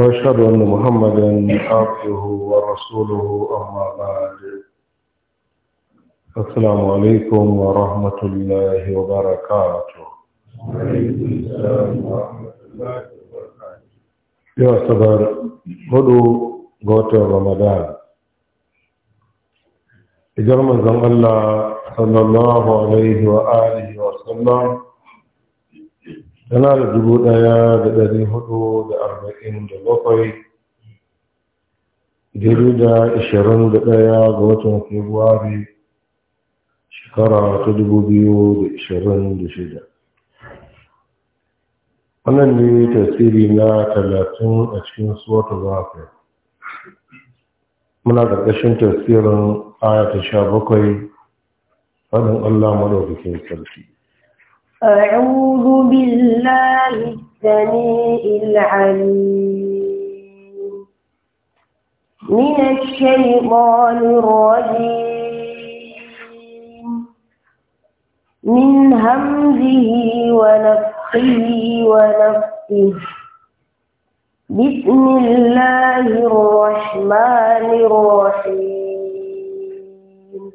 وأشهد أن محمدا عبده ورسوله أما بعد السلام عليكم ورحمة الله وبركاته وعليكم السلام ورحمة الله وبركاته يا صبر هدو قوت رمضان إذا رمضان الله صلى الله عليه وآله وسلم tana da dubu ɗaya da ɗari hudu da arba'in da bakwai jirgin da ashirin da ɗaya ga watan februari shekara ta dubu biyu da ashirin da shida wannan ne tasiri na talatin a cikin suwata zafi muna ƙarƙashin tasirin aya sha bakwai faɗin allah maɗaukakin sarki أعوذ بالله السميع العليم من الشيطان الرجيم من همزه ونفخه ونفخه بسم الله الرحمن الرحيم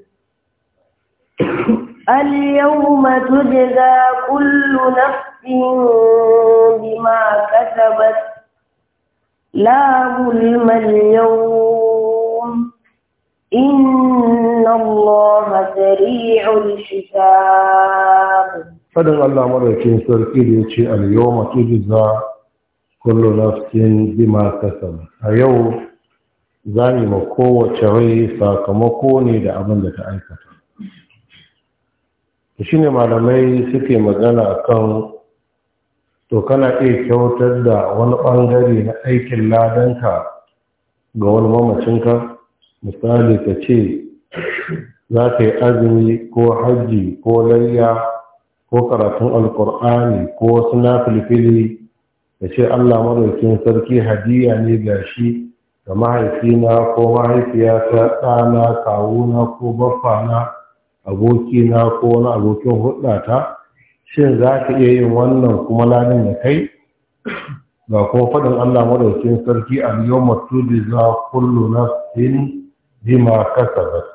اليوم تجزى كل نفس بما كسبت لا ظلم اليوم إن الله سريع الحساب fadin Allah madaukin sarki da ya ce al-yawma tujza kullu nafsin bima kasabat a yau zani ma kowace rai sakamako ne da abin da ta aikata shi ne malamai suke magana kan to kana iya kyautar da wani ɓangare na aikin ladanka ga wani mamacinka misali ka ce za ka yi azumi ko hajji ko layya ko karatun alkur'ani ko wasu na filfili ce allah maɗaukin sarki hadiya ne ga shi ga mahaifina ko mahaifiya mahaifiyata ɗana kawuna ko baffana aboki na ko wani abokin ta shin za ka iya yin wannan kuma lanin ya kai ga kuma faɗin Allah madaukin sarki a yau matubi za kullu nafsin bima kasabat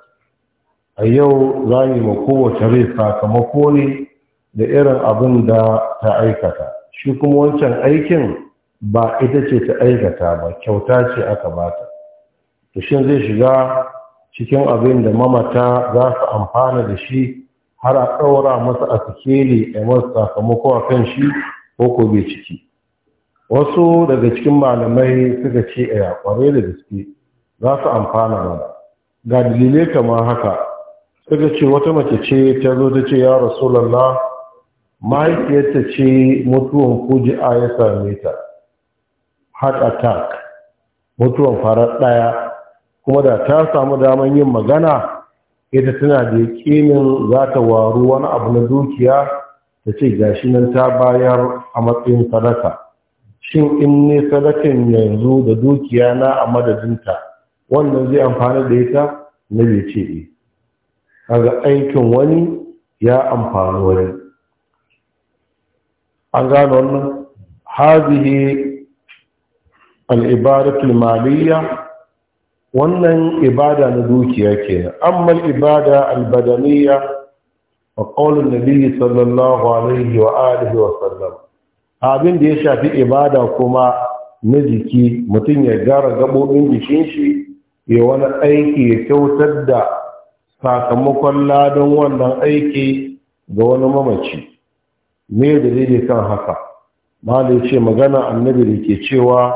a yau za mu ma kowace rai sakamako ne da irin abin da ta aikata shi kuma wancan aikin ba ita ce ta aikata ba kyauta ce aka bata to shin zai shiga cikin abin da mamata za su amfana da shi har a ɗaura masa a sikeli a masu sakamako a kan shi ko ko bai ciki wasu daga cikin malamai suka ce a yakware da gaske za su amfana ba ga dalilai kamar haka suka ce wata mace ce ta zo ta ce ya rasulallah mahaifiyarta ce mutuwan a ya same ta heart attack mutuwan farar ɗaya kuma da ta samu daman yin magana ita tana da yakinin za ta waru wani abu na dukiya ta ce gashi nan ta bayar a matsayin sadaka shin in ne sadakan yanzu da dukiya na a madadinta wannan zai amfani da ita na bai ce eh. kaga aikin wani ya amfani wani an gano wannan hazihi al'ibaratul maliyya wannan ibada na dukiya kenan amma ibada albadaniya wa qaulun nabi sallallahu alaihi wa alihi wa sallam abin da ya shafi ibada kuma na jiki mutum ya gara gabobin jikin shi ya wani aiki ya kyautar da sakamakon ladan wannan aiki ga wani mamaci me da zai kan haka malai ce magana annabi da ke cewa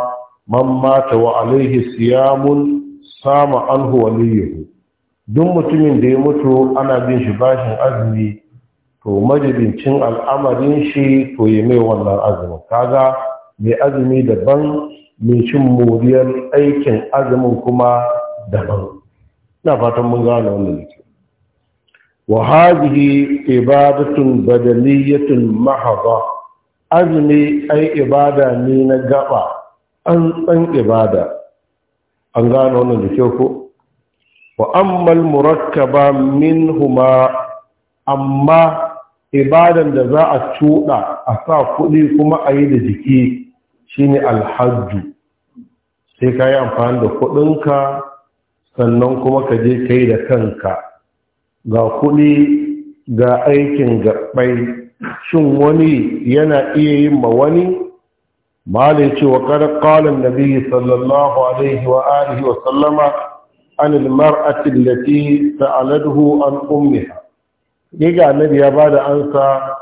man mata wa alaihi siyamun sama anhu waliyuhu duk mutumin da ya mutu ana bin shi bashin azumi to majibincin al'amarin shi to yi mai wannan azumin kaga mai azumi daban mai cin moriyar aikin azumin kuma daban na fatan mun gane wannan da wa hadhihi ibadatun badaniyatun mahdha azumi ai ibada ne na gaba an san ibada an gano wannan da kyau ko wa ammal murakkaba minhuma amma ibadan da za a cuɗa a sa kuɗi kuma a yi da jiki shine alhajju sai ka yi amfani da kuɗinka sannan kuma ka je kai da kanka ga kuɗi ga aikin gaɓai shin wani yana iya yin ma wani malai ce wa kada qalan nabi sallallahu alaihi wa alihi wa sallama an almar'ati ta sa'alathu an ummiha diga annabi ya bada ansa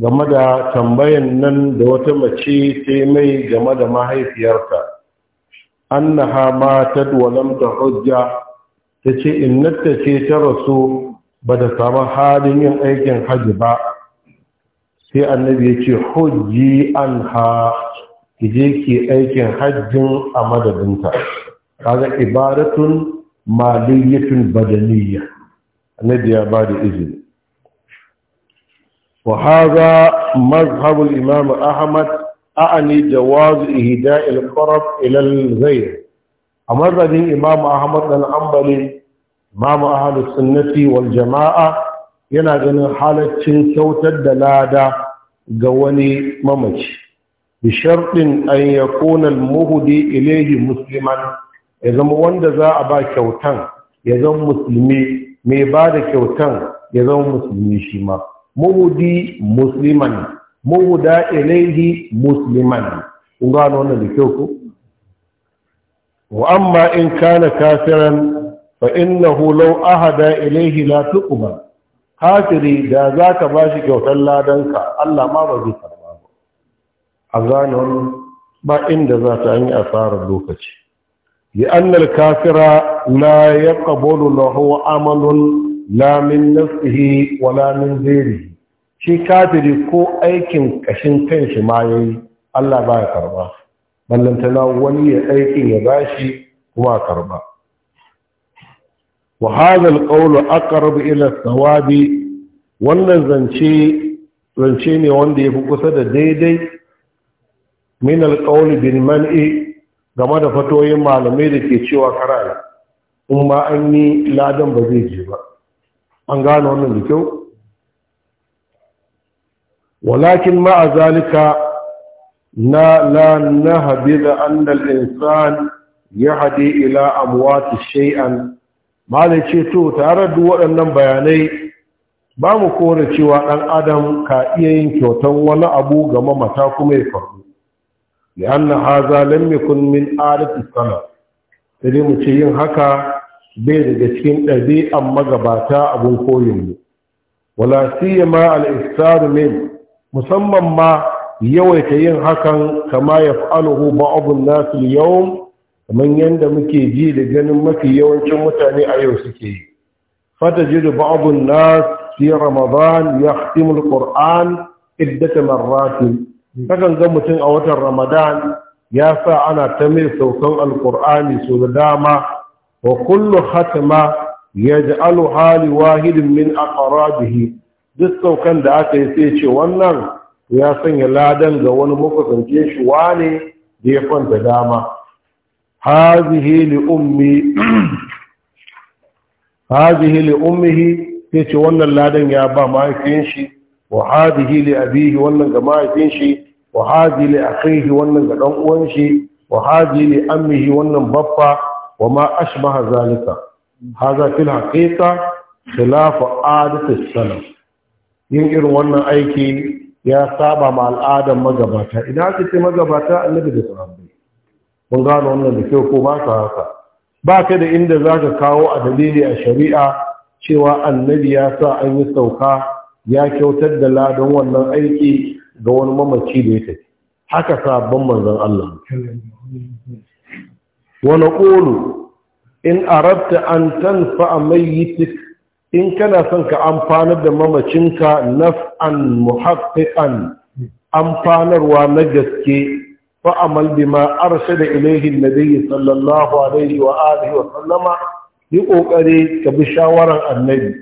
game da tambayan nan da wata mace ta mai game da mahaifiyarta annaha matat wa lam tahujja tace innata ce ta rasu ba da samu halin yin aikin hajji ba sai annabi ya ce hujji anha ki je ki aikin hajjin a madadinta kaga ibaratun maliyatun badaniyya annabi ya ba da izini wa hadha mazhab al-imam ahmad a'ani jawaz ihda' al-qarab ila al-ghayr amma imam ahmad dan ambali imam ahlus sunnati wal jama'a yana ganin halaccin kyautar da lada ga wani mamaci بشرط أن يكون المهدي إليه مسلما يزم وند زاء با كوتان يزم مسلمي مي بعد كوتان يزم مسلمي شما مهدي مسلما مهدا إليه مسلما ungano wannan da kyau ko wa amma in kana kafiran fa innahu law ahada ilayhi la tuqba kafiri da zaka bashi kyautar ladanka Allah ma ba zai a gane wani ba inda za ta yi asarar lokaci yi annal kafira la ya na lahu amalun lamin nasihi wa lamin min shi kafiri ko aikin ƙashin kanshi ma yayi Allah ba ya karba ballantana wani ya aikin ya bashi kuma karba wa hadha alqawlu aqrabu ila tsawabi. wannan zance ne wanda yafi kusa da daidai min alƙawli bin man'i game da fatoyin malamai da ke cewa karaya in ma an yi ladan ba zai je ba an gano wannan da kyau walakin a zalika na la nahbi da annal insan ila amwati shay'an malai ce to tare da waɗannan bayanai ba mu kore cewa ɗan adam ka iya yin kyautan wani abu ga mamata kuma ya faru لأن هذا لم يكن من عادة السلف mu ce yin haka bai daga cikin ɗabi'a magabata abun koyin mu wala siyama al-iftar min musamman ma yawaita yin hakan kama yaf'aluhu ba'd an-nas al-yawm kaman yanda muke ji da ganin mafi yawancin mutane a yau suke yi fatajidu ba'd an-nas fi ramadan yahtimu al-qur'an iddat marratin kakan ga mutum a watan ramadan ya sa ana ta mai saukan alkur'ani su da dama wa kullu hatima ya ji hali wahidin min aqrabihi duk saukan da aka yi sai ce wannan ya sanya ladan ga wani makusance shi wane da ya kwanta dama hazihi li li ummihi sai ce wannan ladan ya ba mahaifin shi wa hazihi li abihi wannan ga mahaifin shi wa haji li akhihi wannan ga dan uwan shi wa haji li ammihi wannan baffa wa ma ashbaha zalika hadha fil haqiqa khilaf adat as-salaf yin irin wannan aiki ya saba ma al'adan magabata idan aka ce magabata annabi da sahabbai mun gano wannan da kyau ko ba ka haka ba ka da inda za ka kawo a dalili a shari'a cewa annabi ya sa an yi sauka ya kyautar da ladan wannan aiki ga wani mamaci da ya tafi haka sabon manzon Allah wa naqulu in arabta an tanfa mayyitik in kana son ka amfanar da mamacinka naf'an muhaqqiqan amfanarwa na gaske fa amal bima arsala ilayhi an-nabi sallallahu alaihi wa alihi wa sallama yi kokari ka bi shawaran annabi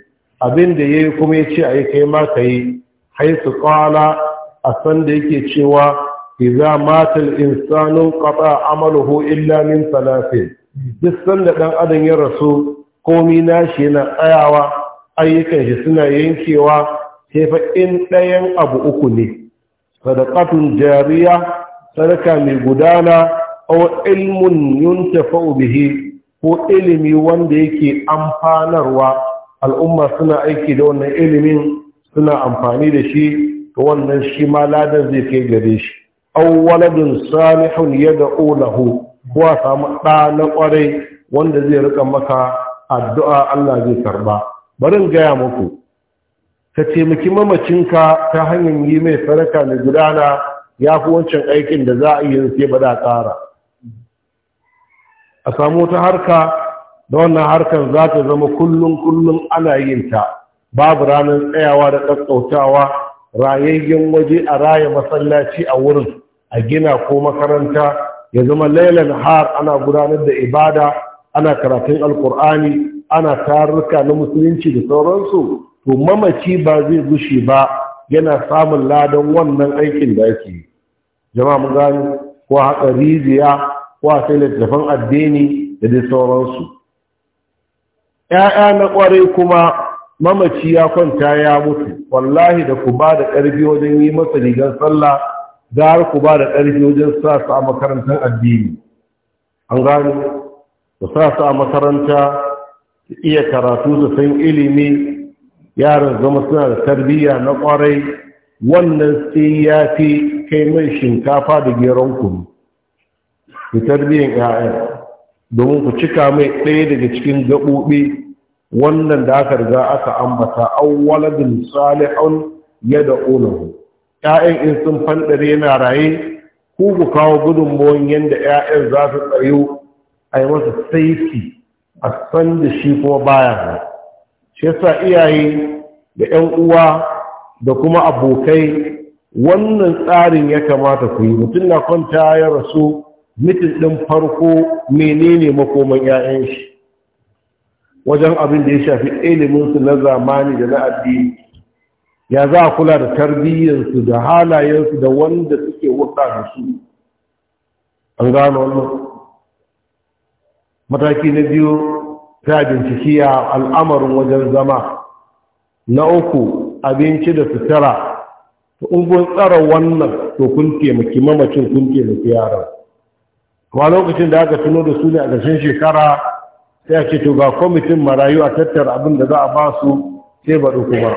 abinda yayi kuma yace ayi kai ma kai haisu qala a san da yake cewa iza matal insanu qata amaluhu illa min salasin duk sanda dan adam ya rasu komi nashi yana tsayawa ayyukan shi suna yankewa sai fa in ɗayan abu uku ne sadaqatun jariya sadaka mai gudana aw ilmun yuntafa'u bihi ko ilimi wanda yake amfanarwa al'umma suna aiki da wannan ilimin suna amfani da shi to wannan shi ma ladan zai kai gare shi aw waladun salihun yad'u lahu wa samu da na kwarai wanda zai rika maka addu'a Allah zai karba Barin gaya muku ka taimaki mamacinka ta hanyar yi mai sadaka mai gudana ya fi wancan aikin da za a yi sai ba da ƙara a samu ta harka da wannan harkar za ta zama kullum kullum ana yin ta babu ranar tsayawa da ƙasƙautawa rayayyen waje a raya masallaci a wurin a gina ko makaranta ya zama lailan har ana gudanar da ibada ana karatun alkur'ani ana taruka na musulunci da sauransu to mamaci ba zai gushe ba yana samun ladan wannan aikin da ake yi jama'a mun gani ko haka rijiya ko a sai littattafan addini da dai sauransu ‘ya'ya na kwarai kuma mamaci ya kwanta ya mutu wallahi da ku ba da ƙarfi wajen yi masa rigar sallah har ku ba da ƙarfi wajen sa su a makarantar addini an gano ku sa su a makaranta su iya karatu su san ilimi yaran zama suna da tarbiyya na ƙwarai wannan sai ya fi kai mai shinkafa da geron ku. ku tarbiyyar 'ya'ya domin ku cika mai ɗaya daga cikin gaɓoɓi wannan da aka riga aka ambata awwaladin salihun yad'unahu ƴaƴan in sun fandare yana raye ku ku kawo gudunmawan yadda ƴaƴan za su tsayo a yi masa saifi a san da shi kuma baya shi yasa iyaye da ƴan uwa da kuma abokai wannan tsarin ya kamata ku yi mutum na kwanta ya rasu mitin ɗin farko menene makoman 'ya'yan shi wajen abin da ya shafi iliminsu na zamani da na addini ya za a kula da tarbiyyarsu da halayensu da wanda suke wuta da su an gano wannan mataki na biyu ta binciki a al'amarin wajen zama na uku abinci da sutura ta in tsara wannan to kun taimaki mamacin kun taimaki yaran kuma lokacin da aka tuno da su ne a ƙarshen shekara sai a ce to ga kwamitin marayu a tattara abin da za a ba su sai baɗu kuma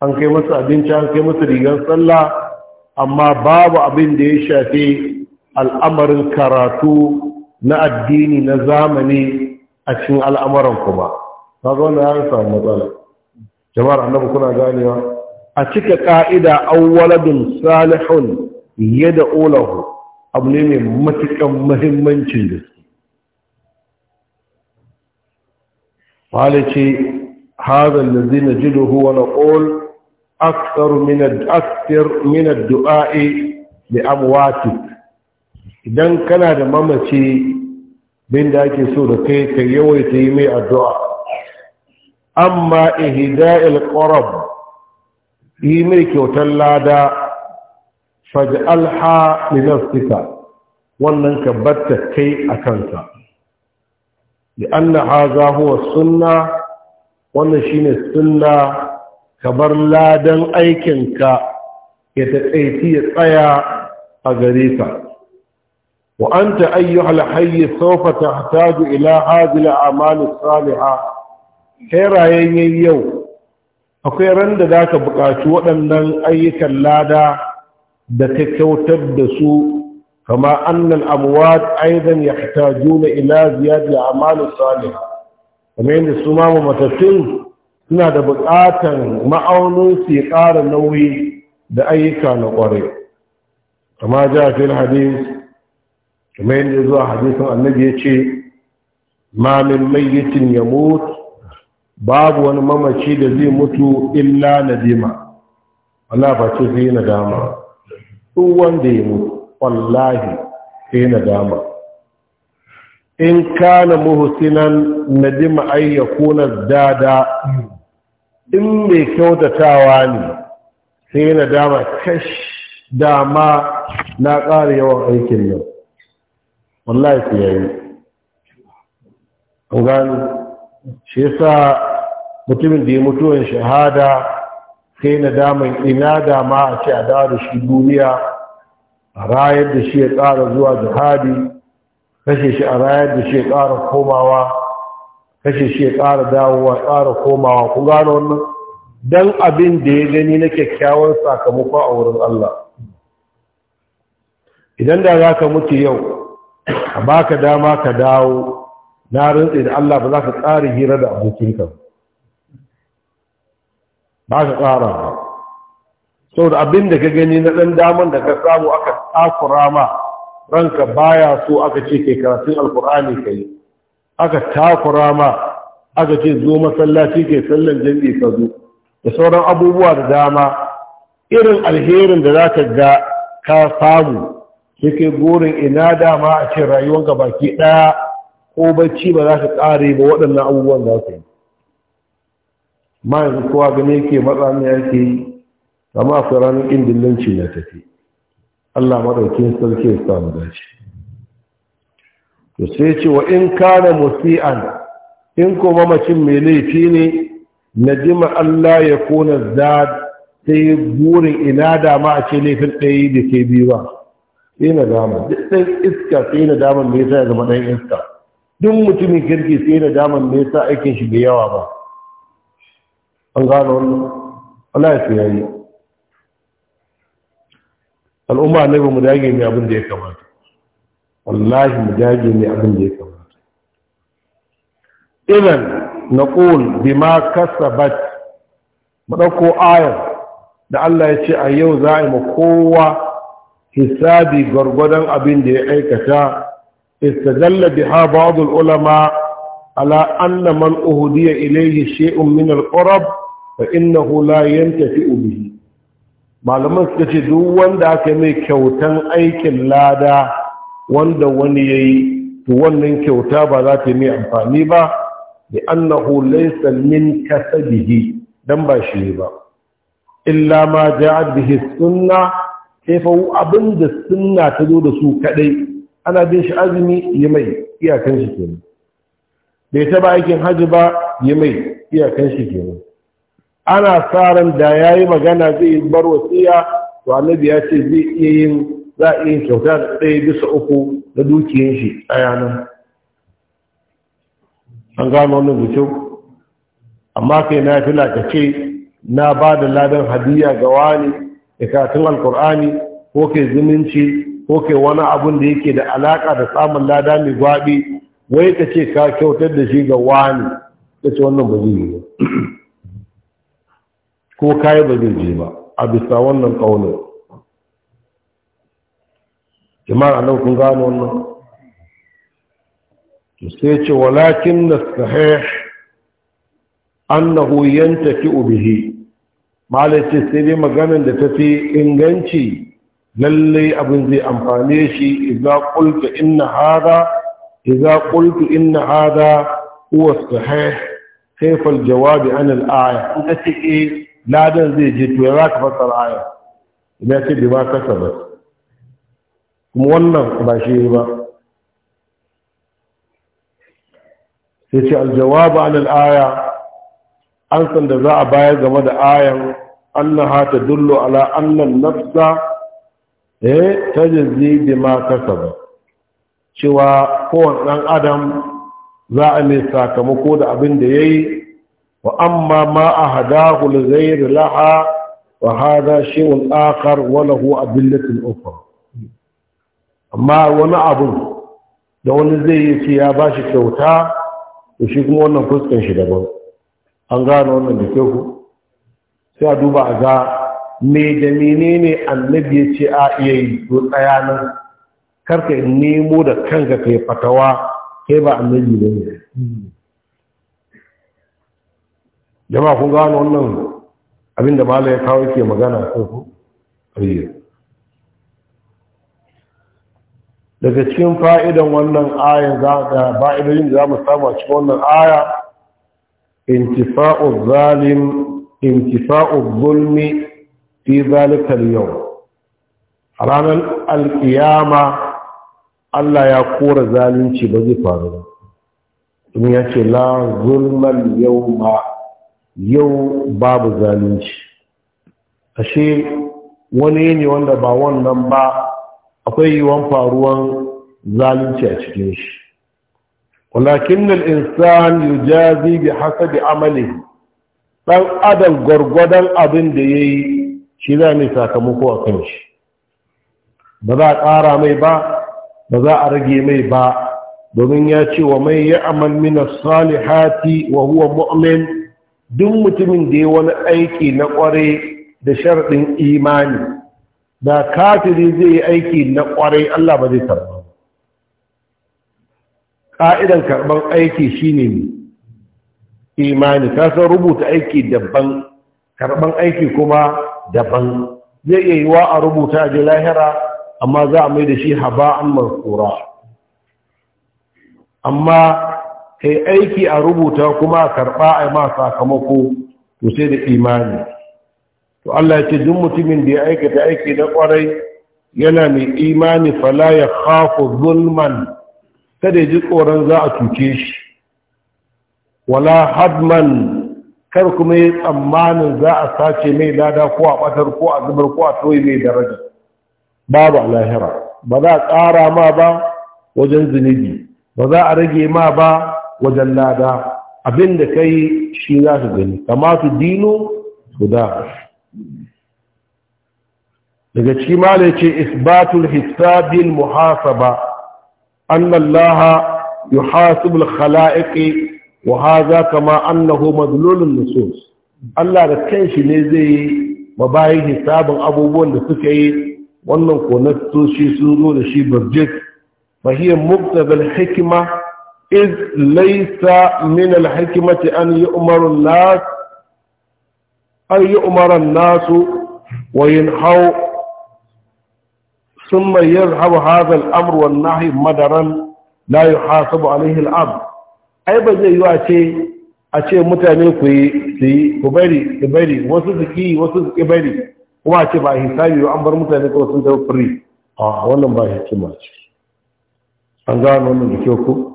an kai masu abinci an kai masu rigar sallah amma babu abin da ya shafi al'amarin karatu na addini na zamani a cikin al'amuran kuma ba ga wanda ya samu matsala jama'ar annabu kuna ganewa a cika ka'ida, an waladun salihun yadda olahu abu ne mai matuƙan mahimmancin da malice haza da ji jiduhu wani ƙol aksar minar du'a'i da amwatik idan kana da mamaci Binda ake so da kai ka yawaita yi mai addu'a amma ihida'il ƙorab yi mai kyautar lada faj'alha li nafsika wannan ka batta kai a kanka لأن هذا هو السنة shine sunna ka bar ladan aikinka ya taƙaiti ya tsaya a gare ka wa anta ayyuhal hayy sawfa tahtaju ila hadhihi al-a'mal as-salihah khairayyen yau akwai randa da zaka buƙaci waɗannan ayyukan lada da ka kyautar da su كما أن الأموات أيضا يحتاجون إلى زيادة أعمال الصالحة كما أن السمام متسل suna da buƙatar ma'auninsu ya ƙara nauyi da ayyuka na ƙware kama ja fil hadis kuma yadda zuwa hadisin annabi ya ce ma min mayyitin babu wani mamaci da zai mutu illa nadima Allah ba ce zai nadama duk wanda ya mutu wallahi sai dama. in kana muhsinan nadima ay yakuna dada in mai kyautatawa ne sai na dama kash dama na ƙara yawan aikin nan wallahi sai yayi an gano shi yasa mutumin da ya mutuwan shahada sai na dama. ina dama a ce a dawo da shi duniya a rayar da shi ya ƙara zuwa jihadi kashe shi a rayar da shi ya ƙara komawa kashe shi ya ƙara dawowa ƙara komawa ku gano wannan don abin da ya gani na kyakkyawar sakamako a wurin Allah idan da za ka mutu yau a baka dama ka dawo na rintse da Allah ba za ka ƙara hira da abokinka ba ka ƙara ba saboda abin da ka gani na ɗan daman da ka samu aka takura ma ranka baya so aka ce ke karatun alkur'ani ka yi aka takura ma aka ce zo masallaci ke sallan jam'i ka zo da sauran abubuwa da dama irin alherin da za ka ga ka samu ke burin ina dama a ce rayuwanka baki ɗaya ko bacci ba za ka ƙare ba waɗannan abubuwan za ka yi ma yanzu kowa gane ke matsa ne yake yi amma a ranar ƙin dillanci na tafi Allah maɗaukin sarki ya samu dace to sai ce wa in kana musi'an in ko mamacin mai laifi ne Na jima Allah ya kona za ta yi burin ina dama a ce laifin ɗaya da ke biyu ba sai na dama duk ɗan iska sai na dama me yasa ya zama ɗan iska duk mutumin kirki sai na dama me yasa aikin shi da yawa ba an gano wannan Allah ya fi yayi al'umma annabi mu dage ne abin da ya kamata wallahi mu dage ne abin da ya kamata idan naqul bima kasabat mu dauko aya da Allah ya ce a yau za a yi kowa hisabi gwargwadon abin da ya aikata istajalla biha ba'd ulama ala anna man uhdiya ilayhi shay'un min al-qurab fa innahu la yantafi bihi malaman suka ce duk wanda aka mai kyautan aikin lada wanda wani ya yi to wannan kyauta ba za ta mai amfani ba da annahu laysa min kasabihi dan ba shi ba illa ma ja'at bihi sunna sai fa abin da sunna ta zo da su kadai ana bin shi azumi ya mai iyakan shi kenan bai taba aikin hajji ba ya mai iyakan shi kenan ana sa da ya yi magana zai yi bar wasiya to annabi ya ce zai iya yin za a iya kyauta da ɗaya bisa uku na dukiyar shi a yanar an gano wani mutum. amma kai na fi ka ce na ba da ladan hadiyya ga wani da karatun alkur'ani ko kai zumunci ko kai wani abun da yake da alaka da samun lada mai gwabi wai ka ce ka kyautar da shi ga wani ta ce wannan ba zai yi ko kayi ba zai je ba a bisa wannan ƙaunin jama'a nan kun gano wannan to sai ce walakin na sahih annahu yantafi bihi ce sai dai maganar da ta fi inganci lallai abin zai amfane shi idza qultu inna hada idza qultu inna hada huwa sahih kayfa aljawabi an alaya in kace eh ladan zai je to za ka fasar aya idan ce bi ma kasa ba kuma wannan ba shi ba sai ce aljawabu an al'aya an san da za a bayar game da ayan annaha dullo ala annan nafsa eh jazi bi ma ba cewa kowane ɗan adam za a ne sakamako da abin da yi. wa amma ma a li ghayri laha wa hadha shay'un akhar wa lahu adillatun amma wani abu da wani zai yi ce ya bashi kyauta to shi kuma wannan fuskan shi daban an gane wannan da kyau sai a duba a ga me da ne annabi ya ce a iya yi to tsaya nan karka nemo da kanka kai fatawa kai ba annabi ne jama'a kun gano wannan abin da mala ya kawo ke magana ko daga cikin fa'idan wannan aya za da fa'idojin da za mu samu a cikin wannan aya intifa'u zalim intifa'u zulmi fi zalika al-yawm a ranar alkiyama Allah ya kora zalunci ba zai faru ba domin ya ce la zulmal yawma yau babu zalunci ashe wani ne wanda ba wannan ba akwai yiwuwan faruwan zalunci a cikin shi walakin insan yi jazi bi hasabi amali ɗan adam gwargwadon abin da ya yi shi za mai sakamako a kan shi ba za a ƙara mai ba ba za a rage mai ba domin ya ce wa mai ya amal mina salihati wa huwa mu'min duk mutumin da ya wani aiki na ƙware da sharɗin imani da kafiri zai yi aiki na ƙware Allah ba zai karɓa ƙa'idan karɓar aiki shine ne imani ta san rubuta aiki daban karɓar aiki kuma daban zai iya yi wa a rubuta a lahira amma za a mai da shi haba an amma kai aiki a rubuta kuma a karɓa a ma sakamako to sai da imani to Allah ya ce duk mutumin da ya aikata aiki na kwarai yana mai imani fala ya khafu zulman kada ji tsoron za a cuce shi wala hadman kar kuma yi tsammanin za a sace mai lada ko a ɓatar ko a zubar ko a toyi mai daraja babu lahira ba za a ƙara ma ba wajen zunubi ba za a rage ma ba wajen lada abin da yi shi za su gani su dino da. daga ci mala ce isbatul hisabin muhasaba annallaha yuhasibul khala'iƙi wa kama annahu madlulun nusus Allah da kanshi ne zai yi mabayin hisabin abubuwan da suka yi wannan konar nasoshi sun zo da shi barjik fahiyar muktabal hikima iz minal min alhikmati an yu'maru an-nas an yu'maru an-nas wa yanhau thumma yadhhabu hadha al-amru wan-nahy madaran la yuhasabu alayhi al-abd ai ba zai yi a a ce mutane ku yi wasu su ki kuma a ce ba hisabi an bar mutane kuma sun tafi free a wannan ba hikima ce an gano wannan da ko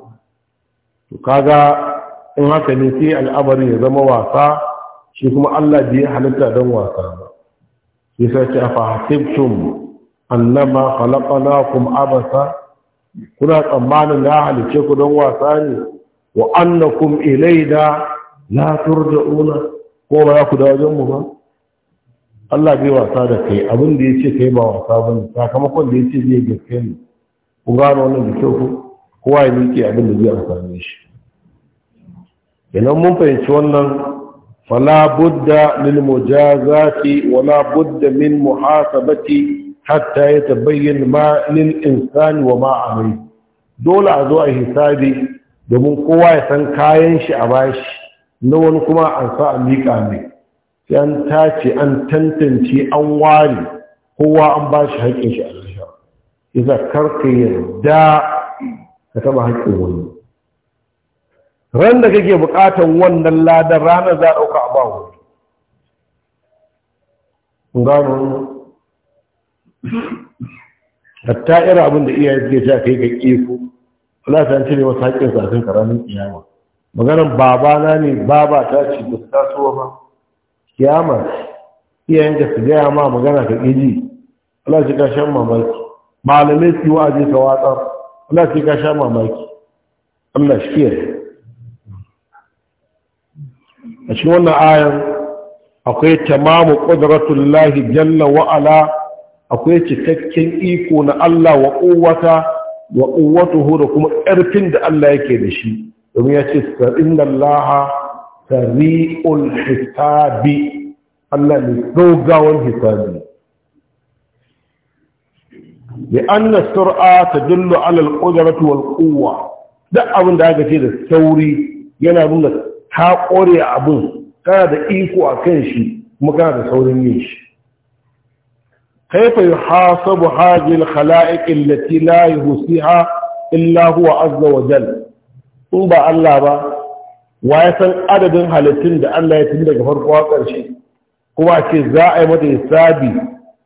to kaga in haka ne sai al'abari ya zama wasa shi kuma Allah bai halitta don wasa ba yasa ce fa hasibtum annama khalaqnakum abasa kuna tsammanin na halice ku don wasa ne wa annakum ilaina la turja'una ko ba ku da wajen mu ba Allah bai wasa da kai abin da yace kai ba wasa bane sakamakon da yace zai gaske ne ku gano wannan da kyau ku kowa ya miƙe abin da zai amfani shi idan mun fahimci wannan fala budda lil mujazati wala budda min muhasabati hatta yatabayyana ma lil insani wa ma amil dole a zo a hisabi domin kowa ya san kayan shi a bashi na wani kuma an sa a miƙa mai sai an tace an tantance an ware kowa an bashi haƙƙin shi a rasha isa karka yarda ka taba haƙƙin wani ran da kake buƙatar wannan ladar ranar za a ɗauka a bawa wani gano hatta irin abin da iyaye suke ta kai ga ƙifu wala san cire wasu haƙƙin sasin kan karamin kiyama maganar babana ne baba ta ce da su tasowa ba kiyama iyayen ka su gaya ma magana ka ƙiji wala shi ka shan mamaki malamai su yi wa'azi ka watsar Allah sai ka sha mamaki Allah shi kiyaye a cikin wannan ayan akwai tamamu qudratullahi jalla wa'ala akwai cikakken iko na Allah wa quwwata wa quwwatuhu da kuma ƙarfin da Allah yake da shi domin ya ce inna Allah sari'ul hisabi Allah ne dogawan hisabi لأن السرعة تدل على القدرة والقوة ده أبن ده كثير الثوري ينالون هاقوري أبن كان إيكو أكنشي مكان ثوري ميش كيف يحاسب هذه الخلائق التي لا يهسيها إلا هو عز وجل إن با الله با ويسن عدد هالتين ده الله يتمنى جفر قوة كرشي قوة كي زائمة إسابي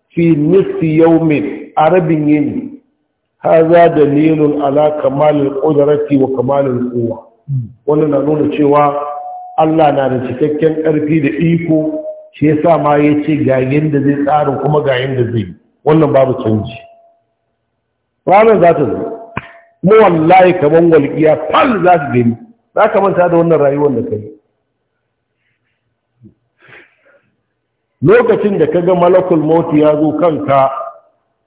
في نصف يومين a rabin yini haza dalilun ala kamalin ƙudarati wa kamalin kowa wannan na nuna cewa Allah na da cikakken ƙarfi da iko shi sa ma ya ce gayen da zai tsarin kuma gayen da zai wannan babu canji ranar za ta zo mu wallahi kaman walƙiya fal za ta gani za ka manta da wannan rayuwar da kai lokacin da ka ga malakul mauti ya zo kanka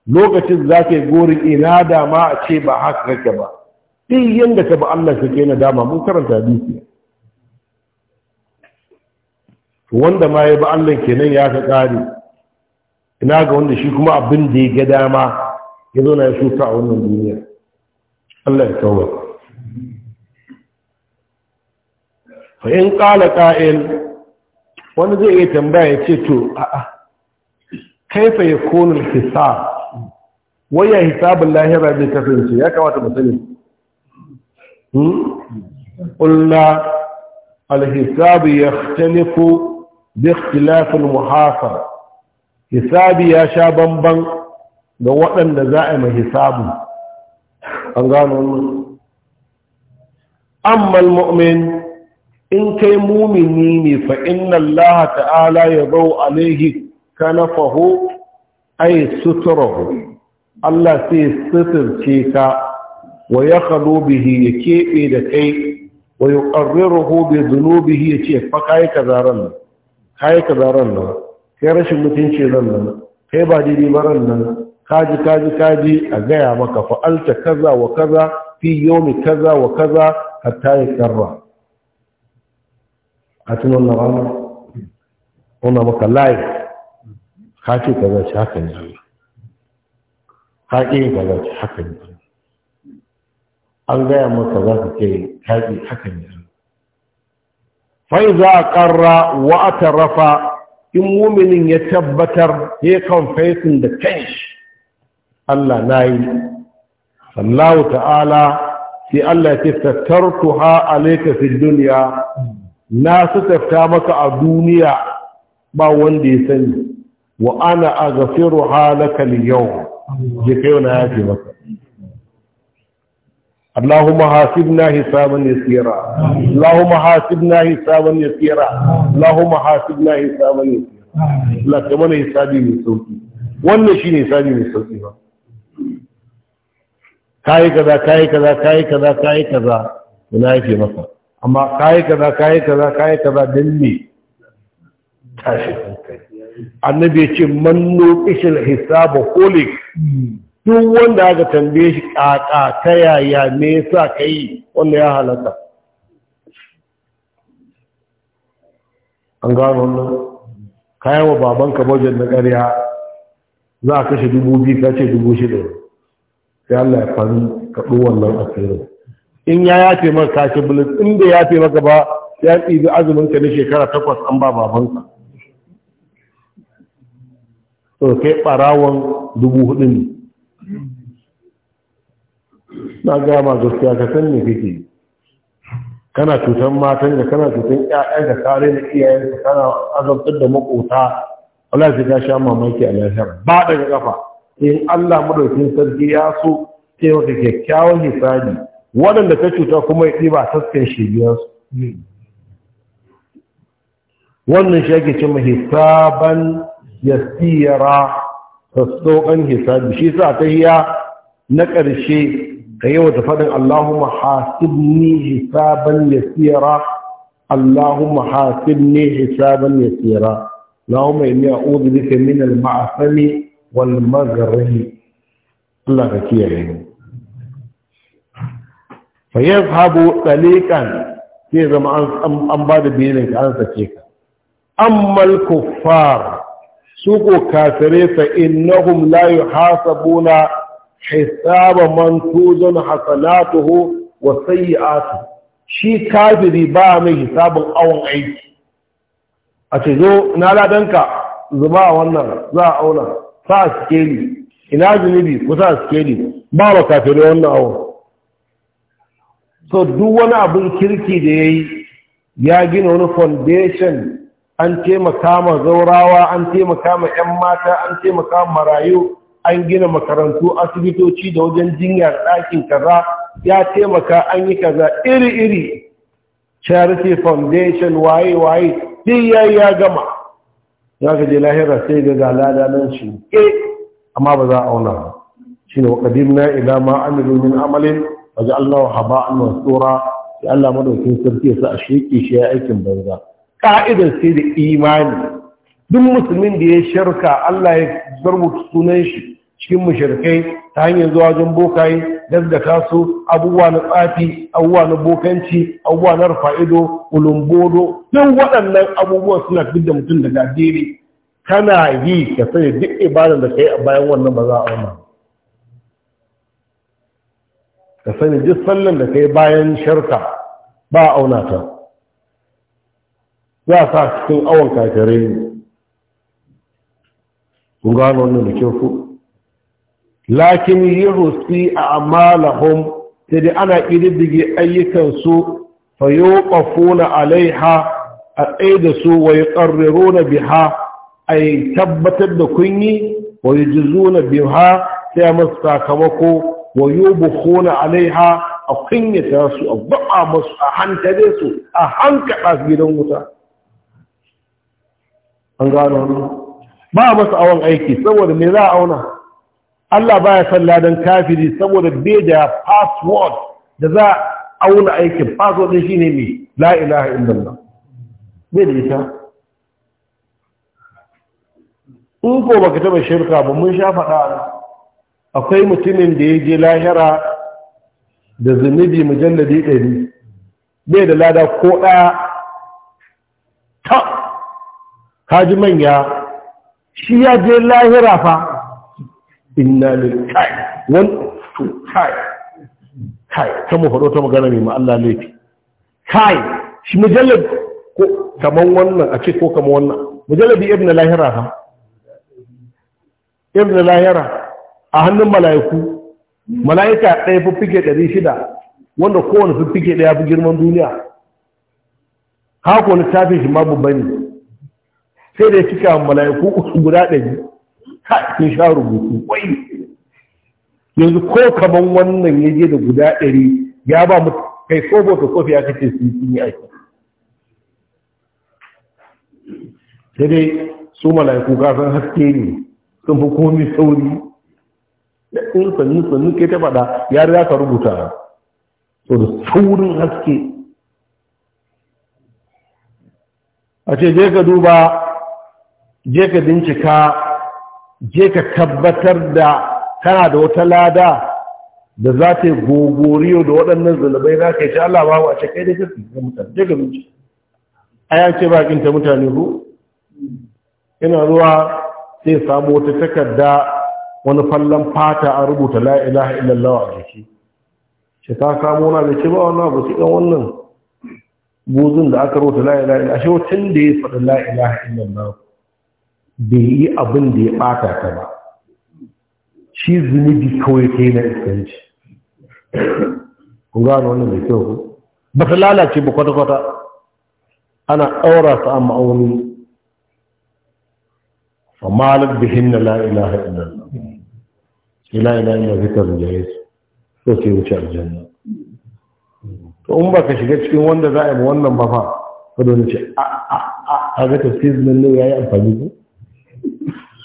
lokacin za ka yi gorin ina dama a ce ba haka kake ba ɗin yadda ka ba Allah ka na dama mun karanta hadisi wanda ma ya ba Allah kenan ya ka ƙari ina ga wanda shi kuma abin da ya ga dama ya zo na ya shuka a wannan duniya Allah ya kawo fa in ƙala ƙa'il wani zai iya tambaya ya ce to a'a kaifa ya al-hisab waya hisabin lahira zai kasance ya kamata mu sani ya الحساب يختلف باختلاف المحاصر hisabi ya sha bamban ga waɗanda za a ma hisabu an gano ammal mu'min in kai mumini ne fa inna Allah ta'ala ya bau alaihi kanafahu ay suturahu Allah sai sitirce ka wa ya bihi ya keɓe da kai wa yi ƙarriruhu bai zunubihi ya ce fa kayi kazaran nan kayi kazaran nan kai rashin mutunci nan nan kai ba daidai ba ran nan kaji kaji kaji a gaya maka fa'alta kaza wa kaza fi yomi kaza wa kaza hatta ya karra a tunan na rana wana maka layi ka ce kaza shi haka ne kaƙi ba za ta haka ne an gaya masa za ka ce kaƙi haka ne fai za a ƙarra wa a tarrafa in muminin ya tabbatar ya faifin da kanshi Allah na yi sallahu ta'ala sai Allah ya ce tattartu ha alaika fi duniya na su tafta maka a duniya ba wanda ya sani wa ana a gafiru halaka yau je kai na yafe maka اللهم حاسبنا حسابا يسيرا اللهم حاسبنا حسابا يسيرا اللهم حاسبنا حسابا يسيرا Allah ka mana hisabi mai sauki wannan shine hisabi mai sauki ba kai kaza kai kaza kai kaza kai kaza ina yake maka amma kai kaza kai kaza kai kaza dan me tashi kai annabi ya ce manno ishin hisaba holik duk wanda aka tambaye shi ƙaƙa ta yaya me yasa ka yi wanda ya halatta an gano wannan kayan wa babanka bajen na ƙarya za a kashe dubu biyu ka ce dubu shida sai Allah ya fari ka ɗo wannan asirin in ya yafe maka kashe bilis inda ya yafe maka ba ya ɗibi azumin ka na shekara takwas an ba babanka so kai barawon dubu hudu ne na gama gaskiya ka san me kake kana cutan matan da kana cutan 'ya'yan da kare da iyayen ka kana azabtar da makota Allah zai ka sha mamaki a lahiyar ba daga kafa in Allah madaukin sarki ya so sai wata kyakkyawan hisabi waɗanda ta cuta kuma ya ɗiba shiriyar su. wannan shi ake cewa hisaban yasira sassauƙan hisabi shi sa ta hiya na ƙarshe ka yi wata faɗin Allahumma hasibni hisaban yasira Allahumma hasibni hisaban yasira Allahumma inni a'udhu bika min al-ma'asami wal maghrib Allah ka kiyaye ni fa yazhabu taliqan sai zama an ba da belin ka an sace ka ammal kuffar su ko kafire fa innahum la yuhasabuna hisaba man tuzun hasanatuhu wa sayi'atu shi kafiri ba mai hisabin awon aiki a ce zo na ladanka zuba a wannan za a auna sa a ni ina zunubi ku sa a ni ba wa kafiri wannan awon so duk wani abin kirki da ya ya gina wani foundation an taimaka ma zaurawa an taimaka ma 'yan mata an taimaka ma marayu an gina makarantu asibitoci da wajen jinya ɗakin kaza ya taimaka an yi kaza iri-iri charity foundation waye-waye ɗin ya gama ya ka je lahira sai ga galada nan shi Eh amma ba za a auna ba shi ne kadim na ila ma amilu min amalin waje Allah wa haba an wasura sai Allah madaukin sarki ya sa a sheke shi ya aikin banza ƙa’idar sai da imani duk musulmin da ya shirka Allah ya zarbuta sunan shi cikin mashirkai ta hanyar zuwa wajen bokaye daddaka su abubuwa na tsafi abubuwa na bokanci abubuwa na rufa'ido ulumbodo duk waɗannan abubuwa suna fidda mutum daga addini kana yi ka sani duk ibadan da kai a bayan wannan ba za a auna ka sani duk sallan da yi bayan shirka ba a auna ta za a sa cikin awon kafirai ne kun gano wannan da kyau lakin yi rusi a amalahum sai dai ana ƙididdige ayyukansu fa yi ƙafuna alaiha a tsaye da su wa yi ƙarrero na biha a yi tabbatar da kunyi wa yi jizo na biha sai masu sakamako wa yi bukuna alaiha a kunyata su a ba'a masu a hankali su a hankaɗa gidan wuta an gano ne ba a masu awon aiki saboda me za a auna Allah ba ya san ladan kafiri saboda bai da password da za a auna aikin password din shine ne la ilaha illallah bai da ita in ko baka taba shirka ba mun sha faɗa akwai mutumin da ya je lahira da zunubi mujalladi ɗari bai da lada ko ɗaya kaji manya shi ya je lahira fa inna lillahi wal to kai kai ta mu faɗo ta magana ne ma Allah laifi kai shi mujallab ko kaman wannan a ce ko kaman wannan mujallabi ibn lahira fa ibn lahira a hannun mala'iku mala'ika ɗaya fi fike ɗari shida wanda kowane fi fike ɗaya fi girman duniya haka wani tafi shi ma babban ne sai da cika mala'iku uku guda ɗari ha sun sha rubutu kwai, yanzu ko kaman wannan ya je da guda ɗari ya ba mu kai sobo ta kofi aka ce sun yi aiki sai dai su mala'iku kafin haske ne sun fi komi sauri da in sannu sannu ke ta faɗa ya riga ka rubuta so da saurin haske a ce je ka duba je ka bincika je ka tabbatar da kana da wata lada da za ta yi gogoriyo da waɗannan zulubai za ka yi ta Allah ba wace kai da ka ga mutane je ka bincika a ya ce bakin ta mutane ku ina zuwa sai samu wata takarda wani fallon fata a rubuta la'ila ilaha illallah a jiki ce ta samu wani da ce ba wannan abu sai wannan buzun da aka rubuta la ilaha a shi wacin da ya faɗi la'ila illallah bai yi abin da ya ɓata ta ba shi zunubi kawai ta yi na iskanci kun gano wannan da kyau ba ta lalace ba kwata-kwata ana ɗaura su a ma'auni fa malar bihin na la'ilaha illallah sai la'ilaha illallah zai tarjaye su so sai wuce aljanna to in ba ka shiga cikin wanda za a yi wannan ba fa ka dole ce a a a a ga tafsirin nan ne ya yi amfani ko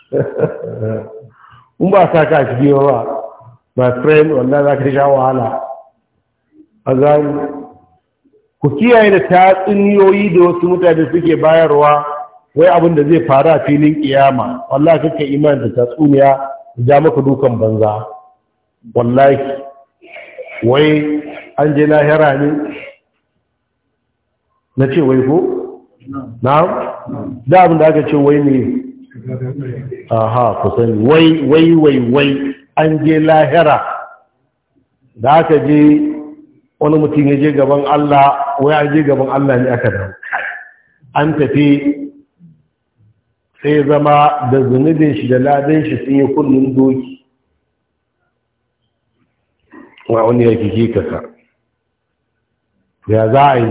in ba sa ka shi biyo ba ba friend wanda za ka sha wahala a zanu ku kiyaye da tatsuniyoyi da wasu mutane suke bayarwa wai abin da zai faru a filin kiyama wallahi kake iman da tatsuniya ja maka dukan banza wallahi wai an je lahira ne na ce wai ko na da abin da aka ce wai ne aha ku sani wai wai wai wai an je lahira da aka je wani mutum ya je gaban Allah wai an je gaban Allah ne aka dawo an tafi sai zama da zunubin shi da ladin shi sun yi kullum doki wa wani ya kike kasa ya za a yi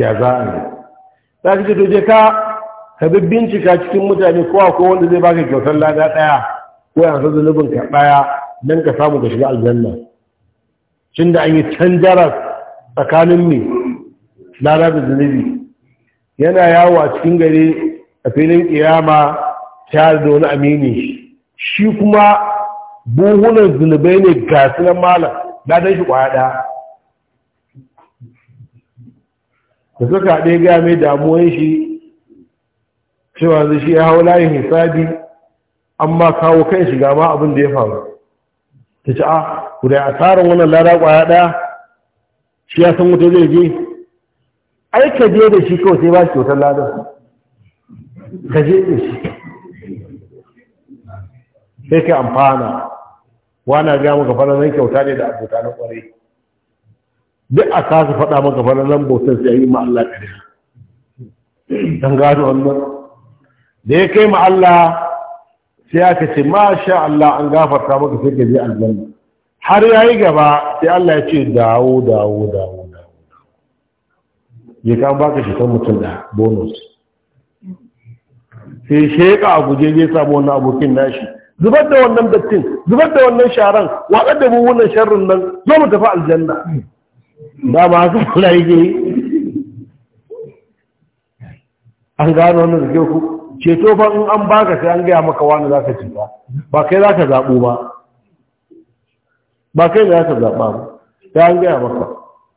ya za a yi za ka ce to je ka bi bincika cikin mutane kowa ko wanda zai baka kyautar lada ɗaya ko yana sa zunubin ka daya don ka samu ka shiga aljanna shin da an yi canjara tsakanin mai lada da zunubi yana yawo a cikin gari a filin kiyama tare da wani amini shi kuma buhunan zunubai ne ga sunan malam ladan shi kwaya ɗaya da suka haɗe ga mai damuwan shi cewa zai shi ya hau layin hisabi amma kawo kan shiga ma abin da ya faru ta ci a guda a tsarin wannan lada ƙwaya ɗaya shi ya san wuta zai je ai ka je da shi kawai sai ba shi kyautar ladar ka je da shi sai ka amfana wana ga maka fara zai kyauta ne da abota na ƙwarai duk a kasa faɗa maka nan bautar sai yi ma Allah ƙarya don gano wannan da ya kai ma Allah sai aka ce ma sha Allah an gafarta maka sai ka je aljanna har ya yi gaba sai Allah ya ce dawo dawo dawo dawo ya kan baka shi kan mutum da bonus sai sheka a guje zai samu wannan abokin nashi zubar da wannan dattin zubar da wannan sharan waɗanda da mu wannan sharrin nan zo mu tafi aljanna ba ma haka kula yake an gano wannan da ku ceto ba in an baka sai an gaya maka wani za ka ci ba ba kai za ka zaɓo ba ba kai za ka zaɓa ba sai an gaya maka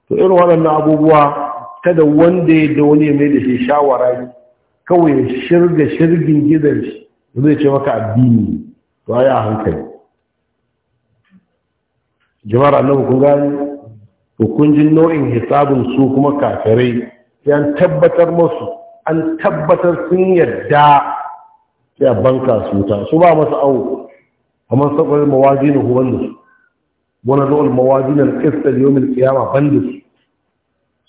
to irin waɗannan abubuwa kada wanda ya da wani mai da shi shawara yi, kawai shirga shirgin gidan shi zai ce maka addini to ai a hankali jama'ar annabi kun gani hukuncin nau'in hisabin su kuma kafirai sai an tabbatar masu an tabbatar sun yadda sai a banka su ta su ba masu awo amma sakwai mawazi na huban da su wani zo'ul mawazi na kistar yomin kiyama ban da su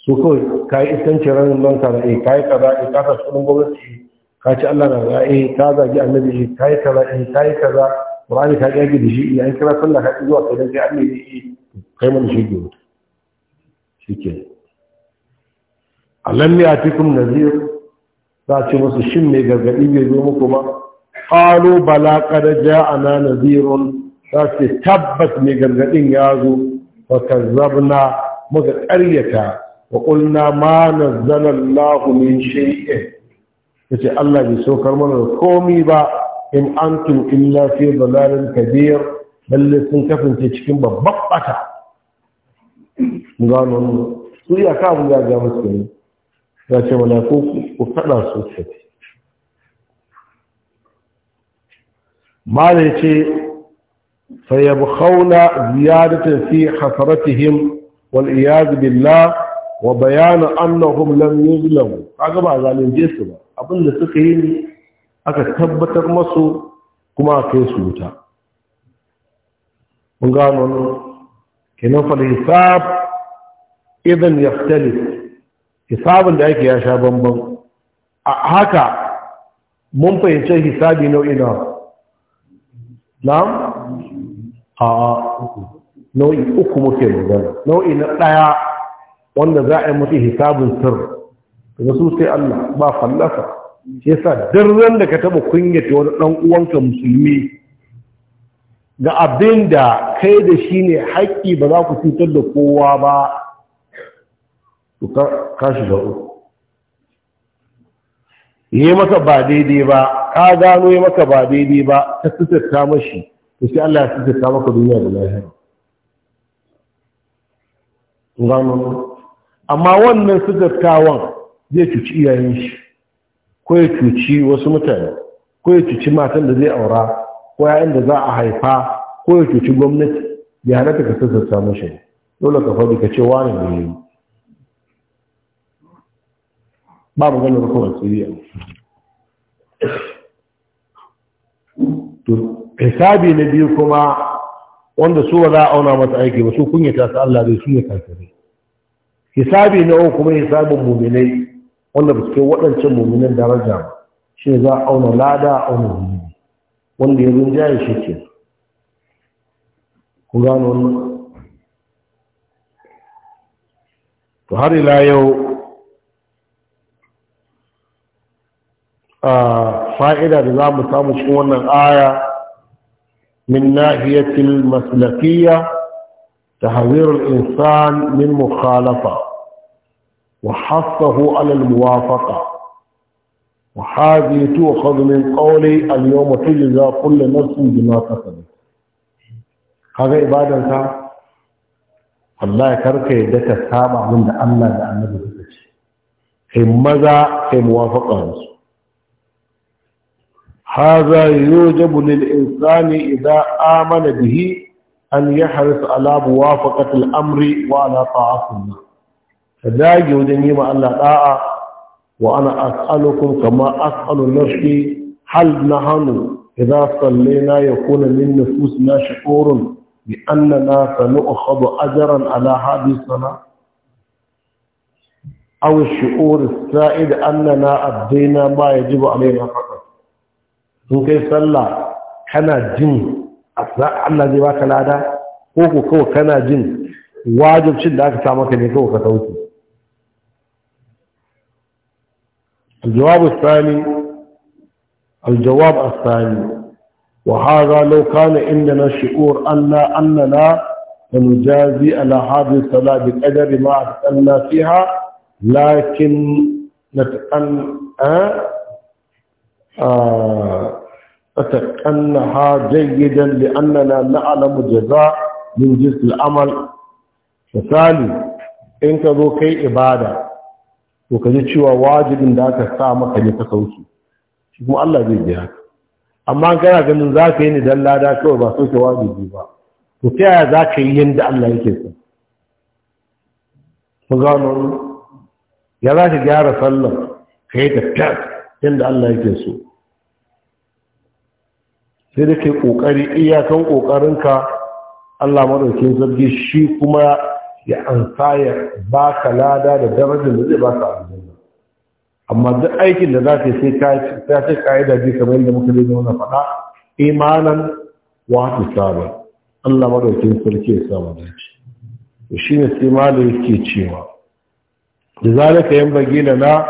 su kawai ka yi iskanci ranar don ka zaɓe ka yi kaza eh, ka kasa sunan gwamnati ka ci allah na zaɓe eh, ka zagi annabi eh, ka yi kaza ka yi kaza ƙur'ani ka ƙi da shi ya yi kira sallah ka ƙi zuwa kai don sai annabi kai mana shi gero suke alam ya tikum nazir za ce musu shin mai gargaɗi bai zo muku ba qalu bala qad ja'ana nazirun za ce tabbas mai gargadin ya zo ka kazzabna muka ƙaryata wa qulna ma nazzala Allahu min shay'in ce Allah bai saukar mana da komi ba in antum illa fi dalalin kabir balle sun kasance cikin babban bata gano nuna su iyaka abin da ga musu ne ya ce mana ko ku kada su ce ya ce fayabkhawna ziyadatan fi hasaratihim wal iyad billah wa bayan annahum lam yuzlamu kaga ba zalunce su ba abin da suka yi ne aka tabbatar masu kuma aka yi su wuta mun gano kenan fa hisab idan yaftali hisabin da ake ya sha bambam a haka mun fahimci hisabi nau'i na na'am a nau'i uku muke magana nau'i na ɗaya wanda za a yi mutu hisabin sir da su sai Allah ba fallasa shi sa dirran da ka taɓa kunyata wani ɗan uwanka musulmi ga abin da kai da shi ne haƙƙi ba za ku cutar da kowa ba to ka shiga uku yi maka ba daidai ba ka gano yi maka ba daidai ba ka sitatta mashi to shi Allah ya sitatta maka duniya da lahira gano amma wannan sitattawan zai cuci iyayen shi ko ya cuci wasu mutane ko ya cuci matan da zai aura ko yayin da za a haifa ko ya cuci gwamnati ya halatta ka sitatta mashi dole ka faɗi ka ce wani ne ba mu gane rufin asiri a to hisabi na biyu kuma wanda su ba za a auna masa aiki ba su kunyata su Allah zai su ne kafirai hisabi na uku kuma hisabin muminai wanda ba su kai waɗancan muminan daraja ba shi za a auna lada a auna zunubi wanda ya rinjaye shi ke ku gano wannan to har ila yau آه، فائدة لزام سامو كون آية من ناحية المسلكية تحذير الإنسان من مخالفة وحصه على الموافقة وهذه تؤخذ من قولي اليوم تجزى كل نفس بما تصل هذا عبادة الله يكرك يدك السابع من الله لأنه يدك هم ماذا هم موافقة نفسه هذا يوجب للإنسان إذا آمن به أن يحرص على موافقة الأمر وعلى طاعة الله فداجي ودني ما الله طاعة وأنا أسألكم كما أسأل نفسي هل نحن إذا صلينا يكون من نفوسنا شعور بأننا سنؤخذ أجرا على هذه الصلاة أو الشعور السائد أننا أدينا ما يجب علينا فقط in kai sallah kana jin Allah zai baka lada ko ko ko kana jin wajibcin da aka sa maka ne ko ka sauke الجواب الثاني الجواب الثاني وهذا لو كان عندنا شعور أن أننا نجازي على هذه الصلاة بقدر ما أتقلنا فيها لكن نتقن آه آه أتقنها جيدا لأننا نعلم جزاء من جنس العمل misali in ka zo kai ibada to ka cewa wajibin da aka sa maka ne ka sauki shi kuma Allah zai biya ka amma kana ganin za ka yi ni dan lada kawai ba sauke wajibi ba to ta yaya za ka yi yadda Allah yake so ku gano ya za ka gyara sallar ka yi ta yadda Allah yake so sai da kai ƙoƙari iyakan ka, allah maɗaukin zargi shi kuma ya ansa ya ba ka lada da darajar da zai ba ka aljanna amma duk aikin da za ka yi sai ta ce ka'ida bi kamar yadda muka dai nuna faɗa imanan wa sabon allah maɗaukin sarki ya samu dace shi ne sai malu yake cewa da zalika yan bagi lana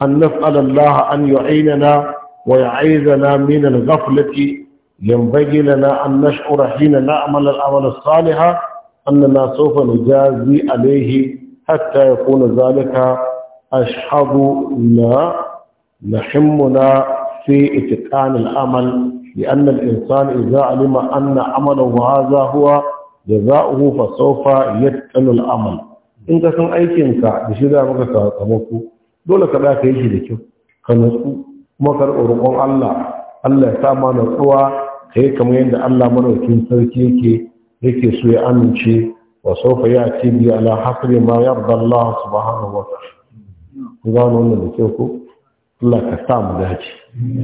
an nas'alallaha an yu'inana wa yu'izana min al-ghaflati ينبغي لنا أن نشعر حين نعمل العمل الصالح أننا سوف نجازي عليه حتى يكون ذلك أشهد لا نحمنا في اتقان العمل لأن الإنسان إذا علم أن عمله هذا هو جزاؤه فسوف يتقن العمل in ka san aikinka da shi za maka sakamako dole ka za ka yi shi da kyau ka natsu kuma ka roƙon Allah Allah ya sa ma natsuwa kai kamar yadda Allah madaukakin sarki yake yake so ya amince wa ya ya'ti bi ala hasbi ma yarda Allah subhanahu wa ta'ala ku gano wannan da kyau ko Allah ka sa mu dace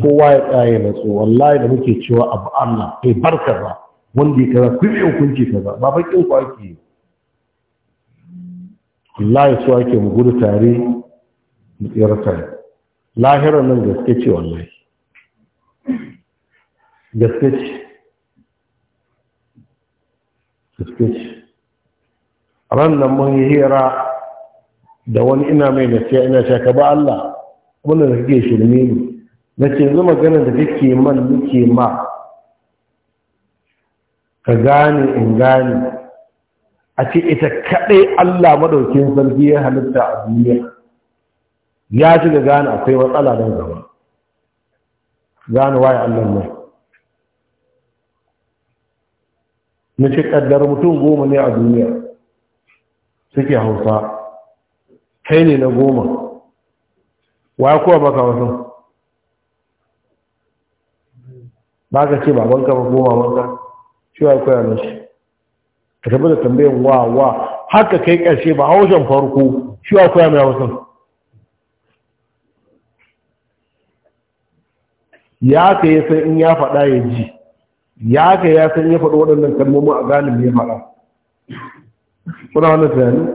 kowa ya tsaye na tso wallahi da muke cewa abu Allah kai barka ba wanda ya kaza kuyi hukunci kaza ba bakin ku ake wallahi so ake mu gudu tare mu tsira tare lahirar nan gaske ce wallahi gaske ce gaske ranar mun yi hira da wani ina mai nasiya ina ka ba Allah wanda da kake shirme ne na ce yanzu maganar da kake man muke ma ka gane in gane a ce ita kaɗai Allah maɗaukin sarki ya halitta a duniya ya ci da gane akwai matsala don gaba gane waye Allah mai na ce kaddar mutum goma ne a duniya suke hausa kai ne na goma wa kuwa baka wasu ba ka ce babanka ba goma wanka shi wa kuwa na shi ka tabbata tambayin wa wa haka kai ƙarshe ba haushen farko shi wa kuwa mai wasu ya ka yi sai in ya faɗa ya ji ya ga ya san ya faɗi waɗannan kalmomin a galibi ya faɗa kuna wannan tunani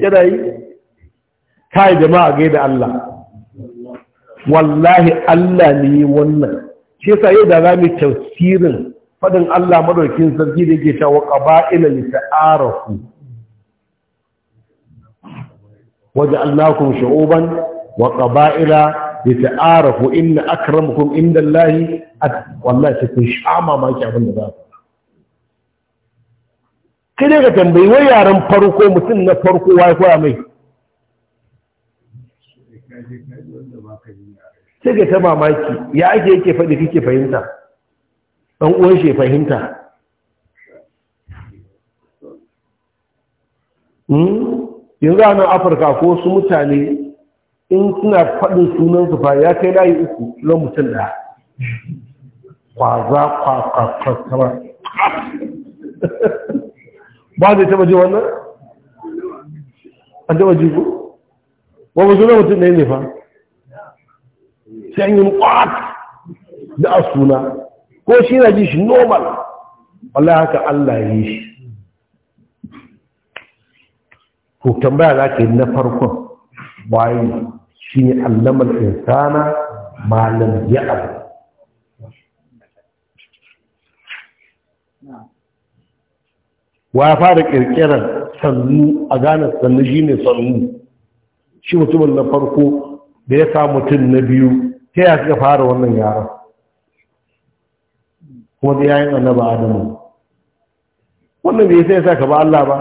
yana yi kai jama'a gai da Allah wallahi Allah ne wannan shi sa yau da za mu tafsirin faɗin Allah madaukin sarki da yake cewa qaba'ila waje Allah kun shu'uban wa ƙaba'ila. yata'arafu inna akramakum indallahi at wallahi sai kun ma mamaki abin da za ku kai ga tambayi wai yaren farko mutum na farko wai koya mai sai ga ta mamaki ya ake yake faɗi kike fahimta ɗan uwan shi fahimta yanzu a nan afirka ko su mutane in suna faɗin su fa ya kai layi uku don mutum ɗaya kwaza kwakwakwakwa ba zai taɓa ji wannan an taɓa ji ko wani suna mutum ɗaya ne fa sai an yi da a suna ko shi na ji shi normal wala haka Allah yi shi to tambaya za ka yi na farkon bayan shi ne allamar insana malam ya abu wa fara kirkirar sannu a gane sannu shi ne sannu shi mutumin na farko da ya sa mutum na biyu ta ya suka fara wannan yaran kuma da yayin annaba adamu wannan bai sai sa ka ba Allah ba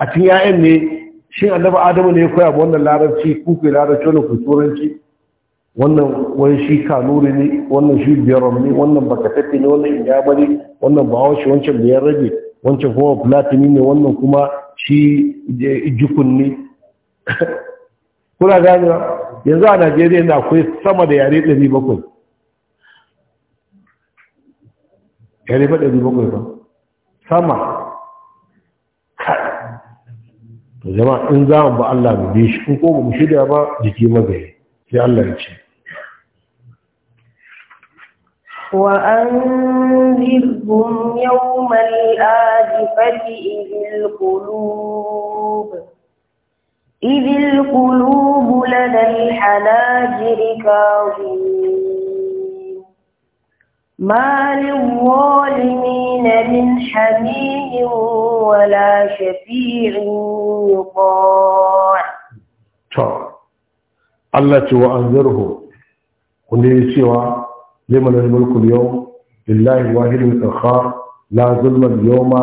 a cikin yayan ne shin annabi adamu ne ya koya ba wannan larabci ku ku larabci wannan ku wannan wani shi kanuri ne wannan shi biyarwar ne wannan bakatakke ne wannan inyamari wannan bahaushe wancan biyar rage wancan kuma platini ne wannan kuma shi jukun ne kuna gani yanzu a najeriya na akwai sama da yare 700 yare 700 ba sama jama'a in za mu ba Allah mu bi shi in ko mu shirya ba jiki magayi sai Allah ya ce wa anzirhum yawmal azifati idil qulub idil qulub lana al hanajir kawin ما للظالمين من حميم ولا شفيع يطاع Allah ce wa an zarho wanda ya cewa liman mulkul yau lillahi wahidin tsakha la zulman yawma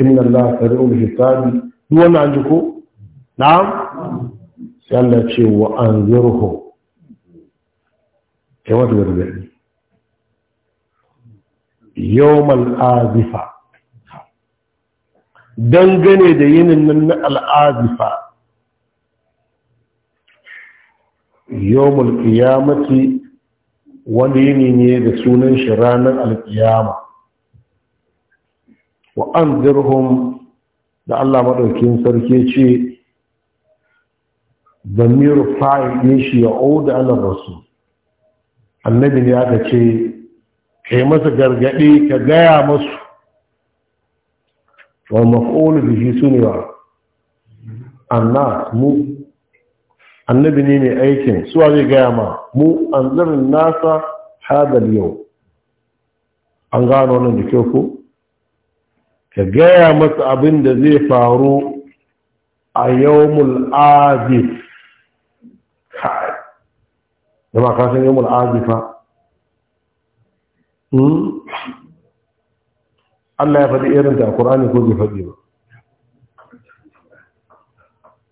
inna Allah sari'ul hisabi duk wannan ko sai Allah ce wa yawmal azifa dangane da yinin nan na al'azifa yawmal qiyamati wani yini ne da sunan shi ranar alƙiyama wa an da Allah maɗaukin sarki ce zamiru fa'in shi ya oda ala rasu annabi ne aka ce ka yi masa gargaɗe ka gaya masu wa maf'ulu da su ne wa annas mu annabi ne mai aikin suwa zai gaya ma mu an zarin nasa hadal yau an gano nan da kyau ko ka gaya masa abin da zai faru a yawmul ka kai da ba kasan yawmul azifa Hmm? Allah ya faɗi irin da ƙorani ko bai faɗi ba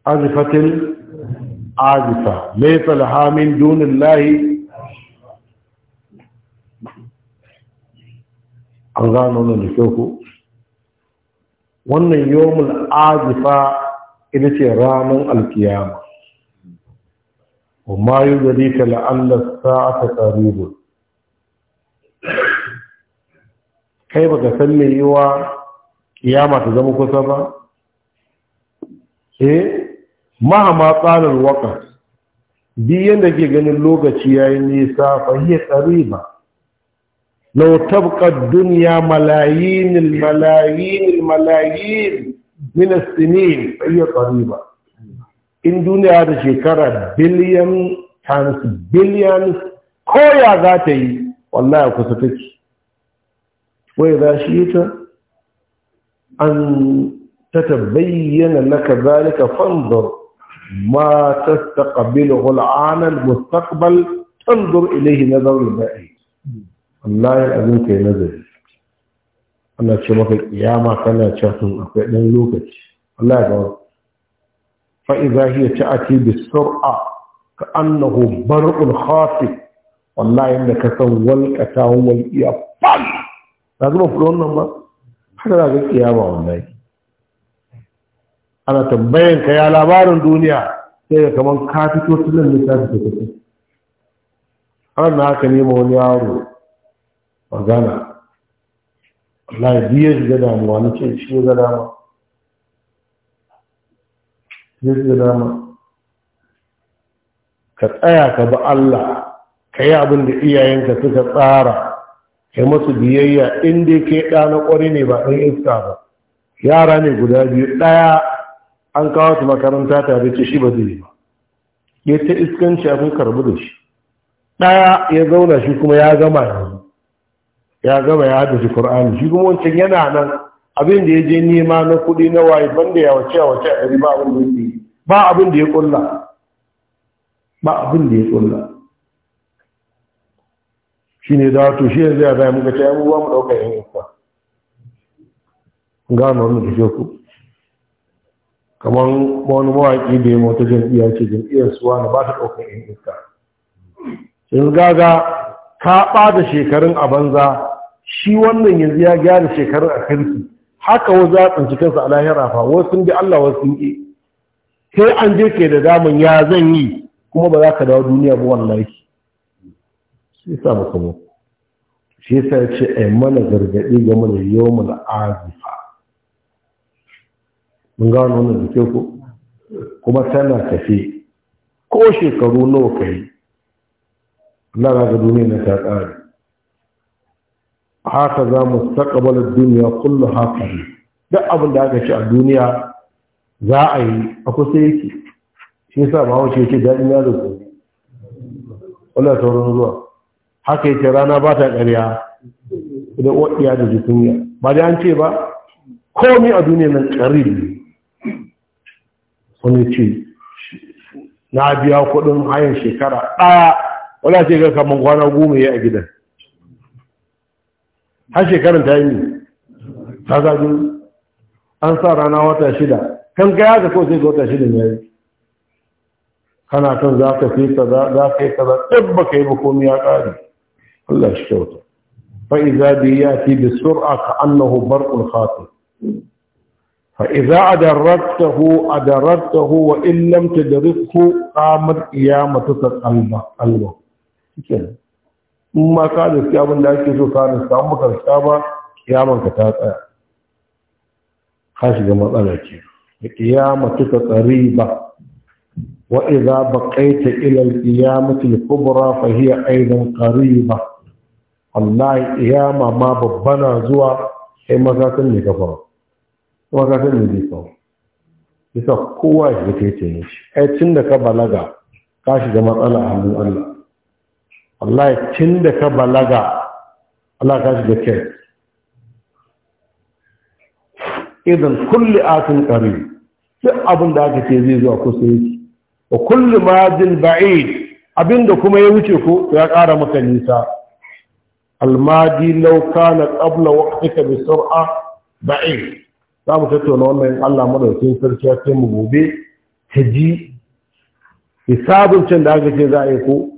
Azifatin azifa mai laha dunin lahi an gano nan da kyau ku. wannan yawmul azifa ita ce ranar alkiyama da rika لعل ta قريب kai ba ka san me yiwa ƙiyama ta zama kusa ba eh mahama tsanar waka Biyan da ke ganin lokaci yayi nisa fahiyya tsari ba na tabqa ad duniya malayin malayin malayin min fahiyya tsari ba in duniya da shekara biliyan, times biliyan ko ya za ta yi wallaya kusa take وإذا شئت أن تتبين لك ذلك فانظر ما تستقبله الآن المستقبل تنظر إليه نظر البعيد والله العظيم كي نظر أنا أشوفك ما كان أشوفهم أفعل لوكت الله يقول فإذا هي تأتي بالسرعة كأنه برق خاطئ والله إنك سولك تاهم والإيا فان ba zuba ba nan ba haka za ga kiyama wallahi ana tambayan ka ya labarin duniya sai ga kaman ka fito tunan ka ta tafi an na haka nema wani yaro magana wallahi biyu ya shiga damuwa na ce shi ya dama ya shiga dama ka tsaya ka bi Allah ka yi abin da iyayenka suka tsara kai masu biyayya in dai kai ɗa na ƙwari ne ba ɗan iska ba yara ne guda biyu ɗaya an kawo su makaranta tare ce shi ba zai ba ya ta iskanci abin karbi da shi ɗaya ya zauna shi kuma ya gama yanzu ya gama ya shi Kur'ani. shi kuma wancan yana nan abin da ya je nema na kuɗi na waye banda ya wace wace a ɗari ba abin da ya ba ba abin da ya ƙulla shi ne da wato shi yanzu ya zai muka ce abubuwa mu ɗauka yin iska gano wani da ku kamar wani mawaƙi da ya mota jam'iyya ce jam'iyyar suwa na ba ta ɗaukar yan iska yanzu gaga ka da shekarun a banza shi wannan yanzu ya gyara shekarun a kirki haka wasu ya tsanci kansa a lahira fa wasu sun bi Allah wasu sun ƙi sai an je ke da damun ya zan yi kuma ba za ka dawo duniya ba wallahi shi sa muka mu shi sa ya ce a mana gargaɗi mana da mana azifa mun gano wannan da ke ku kuma tana tafi ko shekaru nawa ka yi na ga duniya na ta ƙare haka za mu taƙabalar duniya kullum haka ne duk abin da aka ci a duniya za a yi a kusa yake shi sa ba wuce ce daɗin yaro gobe wala sauran zuwa haka yake rana ba ta ƙarya idan waɗiya da jikunya ba da an ce ba komi a duniya nan ƙari ne wani ce na biya kuɗin hayan shekara ɗaya wadda ce ga kamar kwana goma ya a gidan har shekarun ta yi ne ta zaɗi an sa rana wata shida kan gaya da kawai zai wata shida mai. kana kan za ka fi kaza za ka yi ɗin ba ka yi ba komi ya ƙari كلها شوطة فإذا بيأتي بسرعة كأنه برق خاطئ فإذا أدركته أدركته وإن لم تدركه قامت قيامة القلب الله ما كان القيام لا يكيسو كان القيام كالكتابة قيامة كتابة خاش جمع الله كيف؟ قيامة قريبة وإذا بقيت إلى القيامة الكبرى فهي أيضا قريبة Allah iyama ma babba na zuwa sai maza sun ne kafawa maza sun ne zai kawo isa kowa ya zai ce ne shi ai cin da ka balaga ka shiga matsala a hannun Allah ya cin da ka balaga Allah ka shiga kai idan kulli asin qari sai abin da aka ce zai zuwa kusa yake wa kulli madin ba'id abinda kuma ya wuce ko ya ƙara maka nisa almadi law kana qabla waqtika bi sur'a ba'id za mu tattauna wannan Allah madaukakin sarki ya kai mu gobe ta ji hisabun can da aka ce za a yi ko